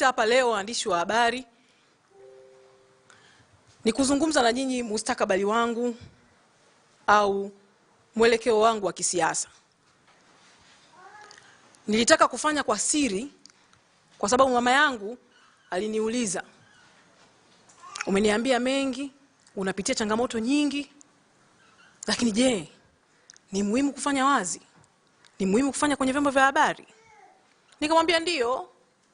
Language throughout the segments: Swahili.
Nimewaita hapa leo waandishi wa habari ni kuzungumza na nyinyi mustakabali wangu au mwelekeo wangu wa kisiasa. Nilitaka kufanya kwa siri kwa sababu mama yangu aliniuliza, umeniambia mengi, unapitia changamoto nyingi, lakini je, ni muhimu kufanya wazi? Ni muhimu kufanya kwenye vyombo vya habari? Nikamwambia ndiyo,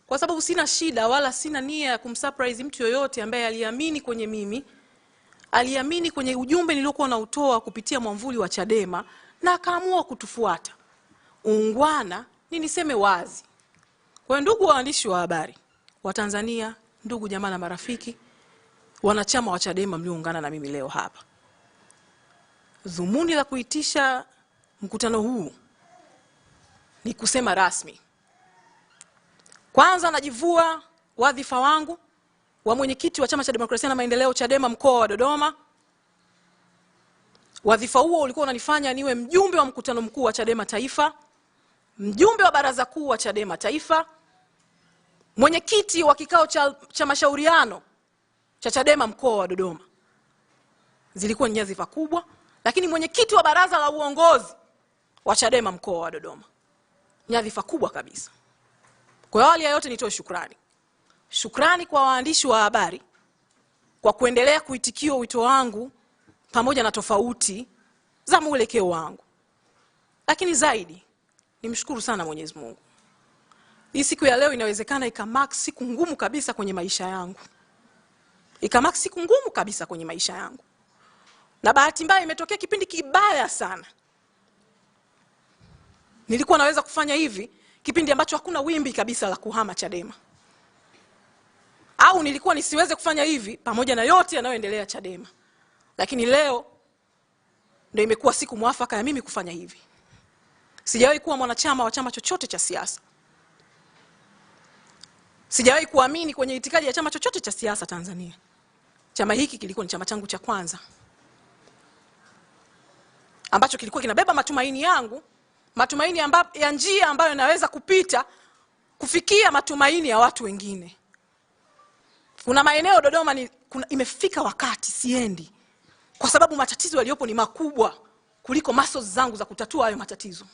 kwa sababu sina shida wala sina nia ya kumsurprise mtu yoyote ambaye aliamini kwenye mimi, aliamini kwenye ujumbe niliokuwa nautoa kupitia mwamvuli wa Chadema na akaamua kutufuata. Ungwana ni niseme wazi. Kwa ndugu waandishi wa habari wa Tanzania, ndugu jamaa na marafiki, wanachama wa Chadema mlioungana na mimi leo hapa, dhumuni la kuitisha mkutano huu ni kusema rasmi kwanza najivua wadhifa wangu wa mwenyekiti wa Chama cha Demokrasia na Maendeleo Chadema mkoa wa Dodoma. Wadhifa huo ulikuwa unanifanya niwe mjumbe wa mkutano mkuu wa Chadema Taifa, mjumbe wa baraza kuu wa Chadema Taifa, mwenyekiti wa kikao cha, cha mashauriano cha Chadema mkoa wa Dodoma. Zilikuwa ni nyadhifa kubwa, lakini mwenyekiti wa baraza la uongozi wa Chadema mkoa wa Dodoma, nyadhifa kubwa kabisa. Kwa awali ya yote nitoe shukrani, shukrani kwa waandishi wa habari kwa kuendelea kuitikia wito wangu pamoja na tofauti za mwelekeo wangu, lakini zaidi nimshukuru sana Mwenyezi Mungu. Hii siku ya leo inawezekana ikamark siku ngumu kabisa kwenye maisha yangu, ikamark siku ngumu kabisa kwenye maisha yangu, na bahati mbaya imetokea kipindi kibaya sana. Nilikuwa naweza kufanya hivi kipindi ambacho hakuna wimbi kabisa la kuhama Chadema, au nilikuwa nisiweze kufanya hivi pamoja na yote yanayoendelea Chadema, lakini leo ndio imekuwa siku mwafaka ya mimi kufanya hivi. Sijawahi kuwa mwanachama wa chama chochote cha siasa, sijawahi kuamini kwenye itikadi ya chama chochote cha siasa Tanzania. Chama hiki kilikuwa ni chama changu cha kwanza ambacho kilikuwa kinabeba matumaini yangu matumaini amba, ya njia ambayo inaweza kupita kufikia matumaini ya watu wengine. Kuna maeneo Dodoma ni, kuna, imefika wakati siendi kwa sababu matatizo yaliyopo ni makubwa kuliko maso zangu za kutatua hayo matatizo.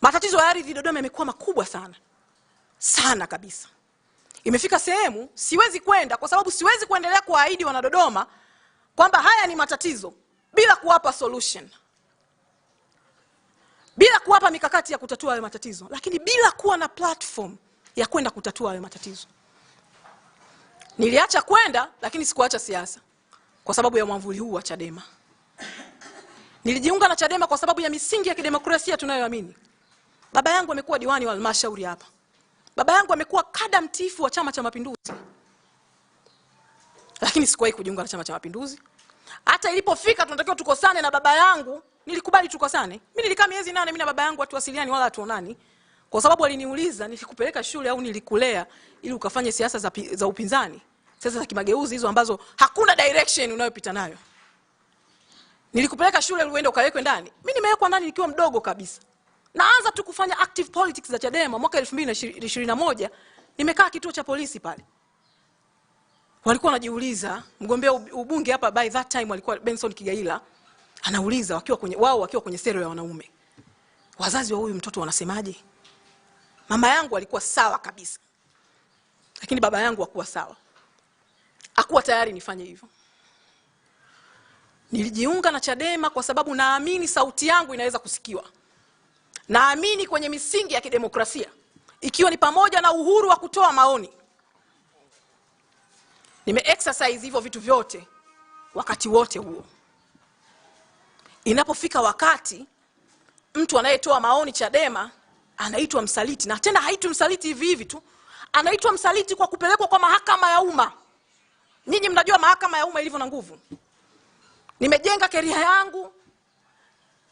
Matatizo ya ardhi Dodoma yamekuwa makubwa sana sana kabisa. Imefika sehemu siwezi kwenda kwa sababu siwezi kuendelea kuwaahidi wanadodoma kwamba haya ni matatizo bila kuwapa solution bila kuwapa mikakati ya kutatua hayo matatizo, lakini bila kuwa na platform ya kwenda kutatua hayo matatizo. Niliacha kwenda, lakini sikuacha siasa kwa sababu ya mwamvuli huu wa Chadema. Nilijiunga na Chadema kwa sababu ya misingi ya kidemokrasia tunayoamini. Baba yangu amekuwa diwani wa halmashauri hapa, baba yangu amekuwa kada mtifu wa Chama cha Mapinduzi, lakini sikuwahi kujiunga na Chama cha Mapinduzi hata ilipofika tunatakiwa tukosane na baba yangu nilikubali tukosane mi nilikaa miezi nane mi na baba yangu hatuwasiliani wala hatuonani kwa sababu aliniuliza nilikupeleka shule au nilikulea ili ukafanye siasa za, za upinzani siasa za kimageuzi hizo ambazo hakuna direction unayopita nayo nilikupeleka shule uende ukawekwe ndani mi nimewekwa ndani nikiwa mdogo kabisa naanza tu kufanya active politics za chadema mwaka elfu mbili na ishirini na moja nimekaa kituo cha polisi pale walikuwa wanajiuliza, mgombea ubunge hapa by that time alikuwa Benson Kigaila, anauliza wakiwa kwenye wao wakiwa kwenye sero ya wanaume, wazazi wa huyu mtoto wanasemaje? Mama yangu alikuwa sawa kabisa, lakini baba yangu hakuwa sawa, hakuwa tayari nifanye hivyo. Nilijiunga na Chadema kwa sababu naamini sauti yangu inaweza kusikiwa, naamini kwenye misingi ya kidemokrasia, ikiwa ni pamoja na uhuru wa kutoa maoni nime exercise hivyo vitu vyote wakati wote huo. Inapofika wakati mtu anayetoa maoni Chadema anaitwa msaliti, na tena haitwi msaliti hivi hivi tu, anaitwa msaliti kwa kupelekwa kwa mahakama ya umma. Nyinyi mnajua mahakama ya umma ilivyo na nguvu. Nimejenga keria yangu,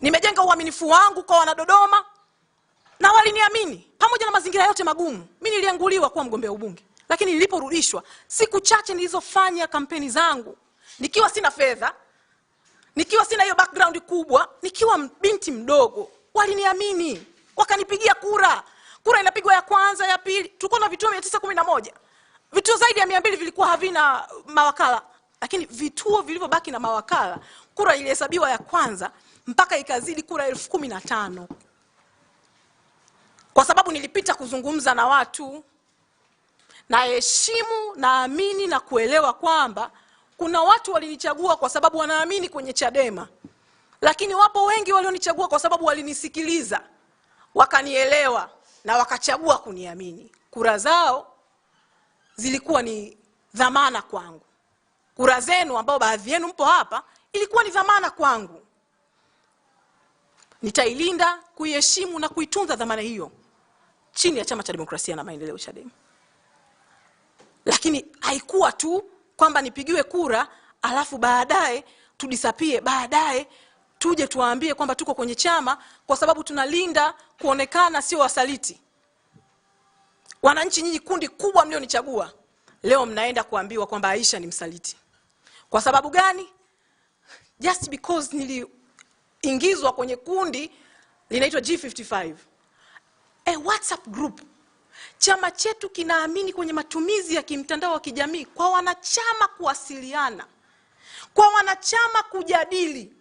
nimejenga uaminifu wangu kwa Wanadodoma na waliniamini pamoja na mazingira yote magumu. Mi nilianguliwa kuwa mgombea ubunge lakini niliporudishwa siku chache nilizofanya kampeni zangu nikiwa sina fedha nikiwa sina hiyo background kubwa nikiwa binti mdogo waliniamini wakanipigia kura kura inapigwa ya kwanza ya pili tulikuwa na vituo mia tisa kumi na moja vituo zaidi ya mia mbili vilikuwa havina mawakala lakini vituo vilivyobaki na mawakala kura ilihesabiwa ya kwanza mpaka ikazidi kura elfu kumi na tano kwa sababu nilipita kuzungumza na watu naheshimu, naamini na kuelewa kwamba kuna watu walinichagua kwa sababu wanaamini kwenye Chadema, lakini wapo wengi walionichagua kwa sababu walinisikiliza, wakanielewa na wakachagua kuniamini. Kura zao zilikuwa ni dhamana kwangu, kura zenu ambao baadhi yenu mpo hapa ilikuwa ni dhamana kwangu. Nitailinda, kuiheshimu na kuitunza dhamana hiyo chini ya Chama cha Demokrasia na Maendeleo, Chadema lakini haikuwa tu kwamba nipigiwe kura alafu baadaye tudisapie baadaye tuje tuwaambie kwamba tuko kwenye chama kwa sababu tunalinda kuonekana sio wasaliti wananchi nyinyi kundi kubwa mlionichagua leo mnaenda kuambiwa kwamba aisha ni msaliti kwa sababu gani just because niliingizwa kwenye kundi linaitwa g55 a whatsapp group Chama chetu kinaamini kwenye matumizi ya kimtandao wa kijamii kwa wanachama kuwasiliana, kwa wanachama kujadili.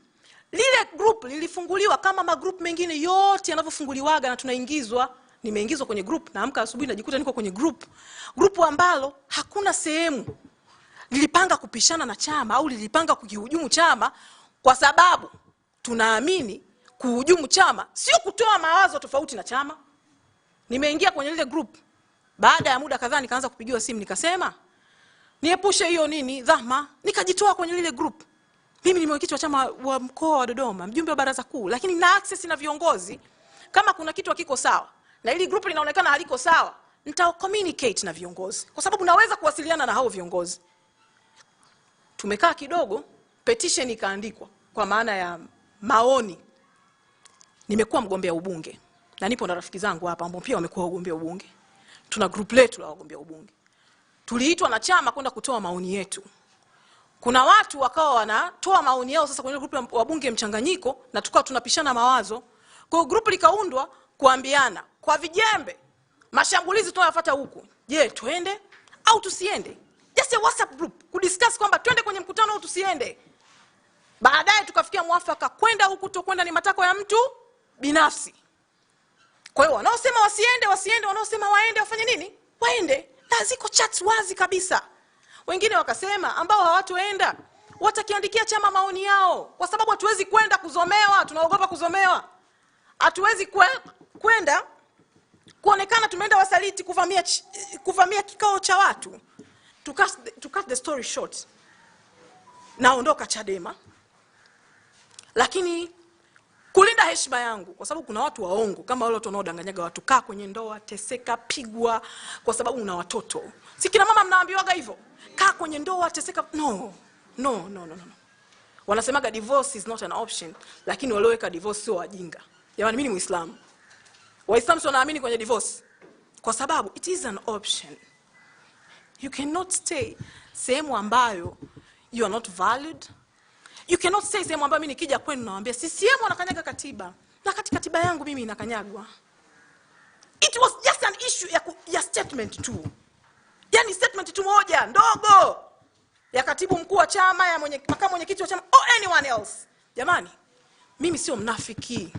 Lile group lilifunguliwa kama magrupu mengine yote yanavyofunguliwaga, na tunaingizwa. Nimeingizwa kwenye group, naamka asubuhi najikuta niko kwenye group, group ambalo hakuna sehemu lilipanga kupishana na chama au lilipanga kukihujumu chama, kwa sababu tunaamini kuhujumu chama sio kutoa mawazo tofauti na chama. Nimeingia kwenye lile group baada ya muda kadhaa nikaanza kupigiwa simu nikasema niepushe hiyo nini dhama, nikajitoa kwenye lile group. Mimi ni mwenyekiti wa chama wa mkoa wa Dodoma, mjumbe wa baraza kuu, lakini na access na viongozi. Kama kuna kitu hakiko sawa na hili group linaonekana haliko sawa, nita communicate na viongozi, kwa sababu naweza kuwasiliana na hao viongozi. Tumekaa kidogo, petition ikaandikwa kwa maana ya maoni. Nimekuwa mgombea ubunge na nipo na rafiki zangu hapa ambao pia wamekuwa wagombea ubunge tuna group letu la wagombea ubunge, tuliitwa na chama kwenda kutoa maoni yetu. Kuna watu wakawa wanatoa maoni yao sasa kwenye group ya wabunge mchanganyiko, na tukawa tunapishana mawazo. Kwa hiyo group likaundwa kuambiana kwa vijembe, mashambulizi tunayofuata huku, je, twende au tusiende? Just a WhatsApp group kudiscuss kwamba twende kwenye mkutano au tusiende. Baadaye tukafikia mwafaka, kwenda huku, tokwenda ni matakwa ya mtu binafsi kwa hiyo wanaosema wasiende wasiende wanaosema waende wafanye nini waende na ziko chat wazi kabisa wengine wakasema ambao hawatoenda watakiandikia chama maoni yao kwa sababu hatuwezi kwenda kuzomewa tunaogopa kuzomewa hatuwezi kwenda kuonekana tumeenda wasaliti kuvamia, kuvamia kikao cha watu to cut, to cut the story short naondoka chadema lakini kulinda heshima yangu, kwa sababu kuna watu waongo kama wale watu wanaodanganyaga watu, kaa kwenye ndoa, teseka, pigwa kwa sababu una watoto. Si kina mama mnaambiwaga hivyo, kaa kwenye ndoa, teseka? No, no, no, no, no. Wanasemaga divorce is not an option, lakini walioweka divorce sio wajinga. Jamani, mimi ni Muislamu, Waislamu sio wanaamini kwenye divorce, kwa sababu it is an option. You cannot stay sehemu ambayo you are not valued you cannot say sehemu ambayo mimi nikija kwenu nawaambia CCM wanakanyaga katiba na kati katiba yangu mimi inakanyagwa it was just an issue ya, ku, ya statement tu yani statement tu moja ndogo ya katibu mkuu wa chama ya mwenye, makamu mwenyekiti wa chama or anyone else jamani mimi sio mnafiki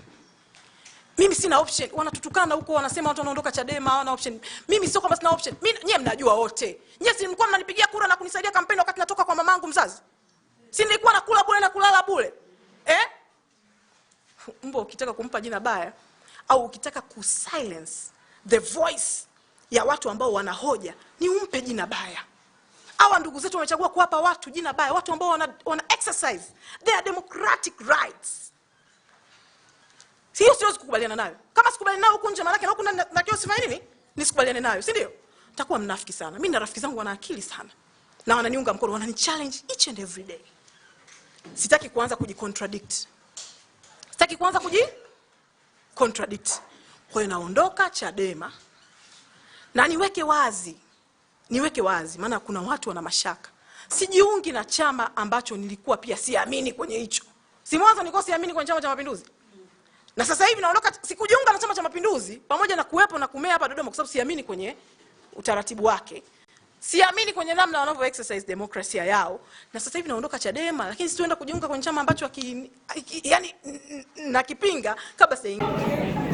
mimi sina option wanatutukana huko wanasema watu wanaondoka chadema hawana option mimi sio kwamba sina option mimi nyewe mnajua wote nyewe si mlikuwa mnanipigia kura na kunisaidia kampeni wakati natoka kwa mamangu mzazi si nilikuwa nakula bure na kulala bure eh? mbo ukitaka kumpa jina baya au ukitaka ku silence the voice ya watu ambao wanahoja ni umpe jina baya hawa ndugu zetu wamechagua kuwapa watu jina baya watu ambao wana, wana exercise their democratic rights hiyo siwezi kukubaliana nayo kama sikubaliana nayo huku nje maanake na huku nakio sifanye nini nisikubaliane nayo si ndio takuwa mnafiki sana mi na rafiki zangu wana akili sana na wananiunga mkono wananichallenge each and every day sitaki kuanza kujicontradict sitaki kuanza kuji contradict kwa hiyo naondoka chadema na niweke wazi niweke wazi maana kuna watu wana mashaka sijiungi na chama ambacho nilikuwa pia siamini kwenye hicho si mwanzo nilikuwa siamini kwenye chama cha mapinduzi na sasa hivi naondoka sikujiunga na chama cha mapinduzi pamoja na kuwepo na kumea hapa dodoma kwa sababu siamini kwenye utaratibu wake siamini kwenye namna wanavyo exercise demokrasia yao, na sasa hivi naondoka Chadema, lakini si tuenda kujiunga kwenye chama ambacho yani nakipinga kabla sasa